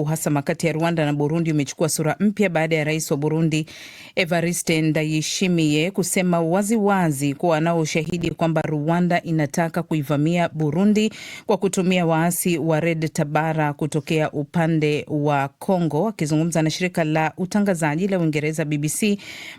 Uhasama kati ya Rwanda na Burundi umechukua sura mpya baada ya rais wa Burundi Evariste Ndayishimiye kusema waziwazi kuwa anao ushahidi kwamba Rwanda inataka kuivamia Burundi kwa kutumia waasi wa Red Tabara kutokea upande wa congo Akizungumza na shirika la utangazaji la Uingereza BBC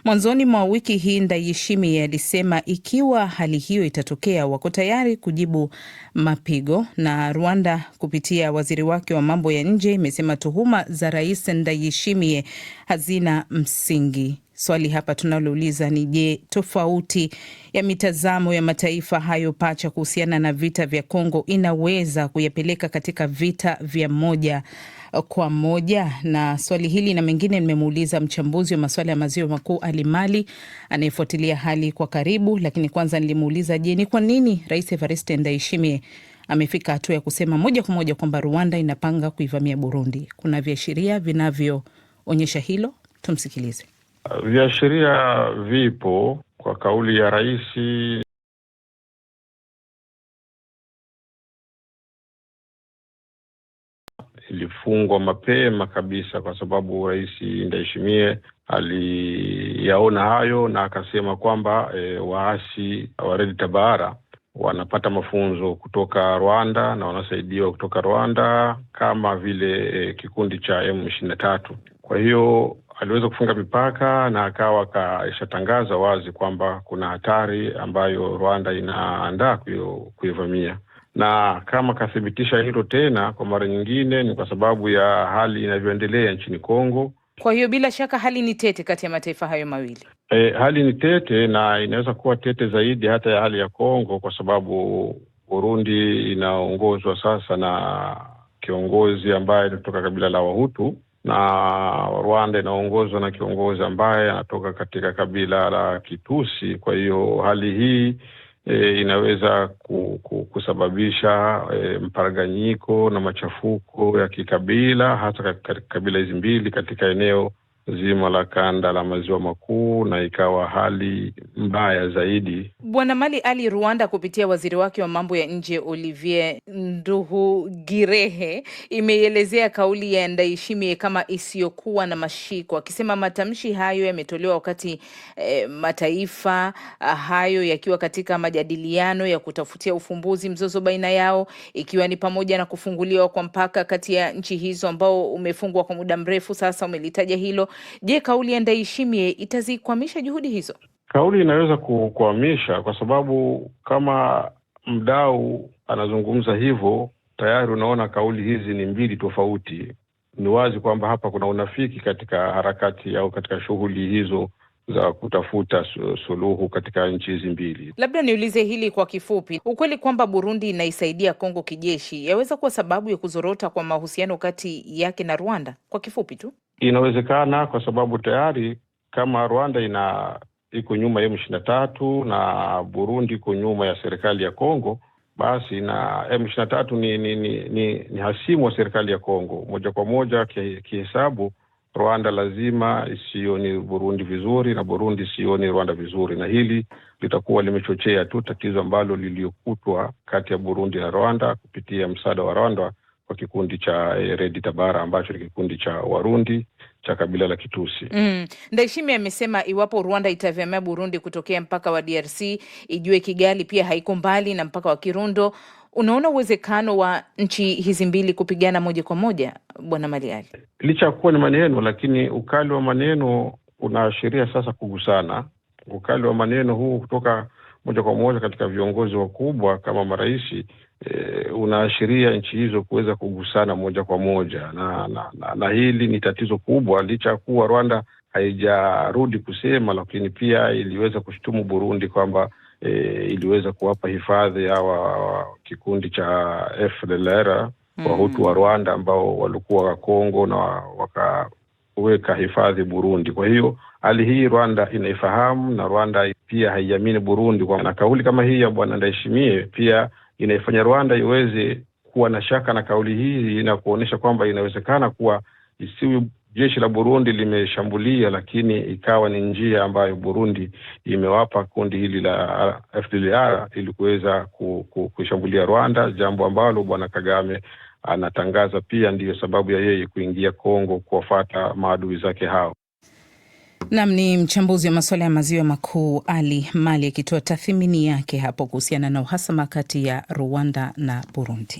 mwanzoni mwa wiki hii, Ndayishimiye alisema ikiwa hali hiyo itatokea, wako tayari kujibu mapigo, na Rwanda kupitia waziri wake wa mambo ya nje imesema anasema tuhuma za Rais Ndayishimiye hazina msingi. Swali hapa tunalouliza ni je, tofauti ya mitazamo ya mataifa hayo pacha kuhusiana na vita vya Kongo inaweza kuyapeleka katika vita vya moja kwa moja? Na swali hili na mengine nimemuuliza mchambuzi wa masuala ya maziwa makuu Ali Mali anayefuatilia hali kwa karibu, lakini kwanza nilimuuliza je, ni kwa nini Rais Evariste Ndayishimiye amefika hatua ya kusema moja kwa moja kwamba Rwanda inapanga kuivamia Burundi. Kuna viashiria vinavyoonyesha hilo? Tumsikilize. Viashiria vipo kwa kauli ya raisi ilifungwa mapema kabisa kwa sababu Rais Ndayishimiye aliyaona hayo na akasema kwamba e, waasi wa Red Tabara wanapata mafunzo kutoka Rwanda na wanasaidiwa kutoka Rwanda kama vile eh, kikundi cha M ishirini na tatu. Kwa hiyo aliweza kufunga mipaka na akawa kaishatangaza wazi kwamba kuna hatari ambayo Rwanda inaandaa kuivamia, na kama kathibitisha hilo tena kwa mara nyingine, ni kwa sababu ya hali inavyoendelea nchini Kongo. Kwa hiyo bila shaka hali ni tete kati ya mataifa hayo mawili. E, hali ni tete na inaweza kuwa tete zaidi hata ya hali ya Kongo kwa sababu Burundi inaongozwa sasa na kiongozi ambaye anatoka kabila la Wahutu na Rwanda inaongozwa na kiongozi ambaye anatoka katika kabila la Kitusi. Kwa hiyo hali hii e, inaweza ku, ku, kusababisha e, mparaganyiko na machafuko ya kikabila hasa katika kabila hizi mbili katika eneo zima la kanda la maziwa makuu na ikawa hali mbaya zaidi. Bwana Mali Ali, Rwanda kupitia waziri wake wa mambo ya nje Olivier Nduhugirehe imeielezea kauli ya Ndayishimiye kama isiyokuwa na mashiko, akisema matamshi hayo yametolewa wakati eh, mataifa ah, hayo yakiwa katika majadiliano ya kutafutia ufumbuzi mzozo baina yao, ikiwa ni pamoja na kufunguliwa kwa mpaka kati ya nchi hizo ambao umefungwa kwa muda mrefu sasa, umelitaja hilo Je, kauli ya Ndayishimiye itazikwamisha juhudi hizo? Kauli inaweza kukwamisha kwa sababu kama mdau anazungumza hivyo, tayari unaona kauli hizi ni mbili tofauti. Ni wazi kwamba hapa kuna unafiki katika harakati au katika shughuli hizo za kutafuta suluhu katika nchi hizi mbili. Labda niulize hili kwa kifupi, ukweli kwamba Burundi inaisaidia Kongo kijeshi yaweza kuwa sababu ya kuzorota kwa mahusiano kati yake na Rwanda? Kwa kifupi tu. Inawezekana kwa sababu tayari kama Rwanda ina iko nyuma ya M23 na Burundi iko nyuma ya serikali ya Kongo, basi na M23 ni, ni, ni, ni, ni hasimu wa serikali ya Kongo moja kwa moja kihesabu. Rwanda lazima isioni Burundi vizuri na Burundi isioni Rwanda vizuri, na hili litakuwa limechochea tu tatizo ambalo liliyokutwa kati ya Burundi na Rwanda kupitia msaada wa Rwanda kwa kikundi cha eh, Redi Tabara ambacho ni kikundi cha Warundi cha kabila la Kitusi. Mm. Ndaishimi amesema iwapo Rwanda itavamia Burundi kutokea mpaka wa DRC ijue Kigali pia haiko mbali na mpaka wa Kirundo. Unaona uwezekano wa nchi hizi mbili kupigana moja kwa moja, Bwana Maliali? Licha ya kuwa ni maneno, lakini ukali wa maneno unaashiria sasa kugusana. Ukali wa maneno huu kutoka moja kwa moja katika viongozi wakubwa kama maraisi e, eh, unaashiria nchi hizo kuweza kugusana moja kwa moja na, na, na, na hili ni tatizo kubwa, licha ya kuwa Rwanda haijarudi kusema, lakini pia iliweza kushutumu Burundi kwamba e, iliweza kuwapa hifadhi hawa kikundi cha FDLR Wahutu wa mm. Rwanda ambao walikuwa Kongo na waka kuweka hifadhi Burundi. Kwa hiyo hali hii Rwanda inaifahamu na Rwanda pia haiamini Burundi kwa, na kauli kama hii ya Bwana Ndayishimiye pia inaifanya Rwanda iweze kuwa na shaka na kauli hii na kuonyesha kwamba inawezekana kuwa isiwi jeshi la Burundi limeshambulia, lakini ikawa ni njia ambayo Burundi imewapa kundi hili la FDLR ili kuweza kushambulia Rwanda, jambo ambalo Bwana Kagame anatangaza pia ndiyo sababu ya yeye kuingia Kongo kuwafata maadui zake hao. Nam ni mchambuzi wa masuala ya maziwa makuu Ali Mali akitoa tathmini yake hapo kuhusiana na uhasama kati ya Rwanda na Burundi.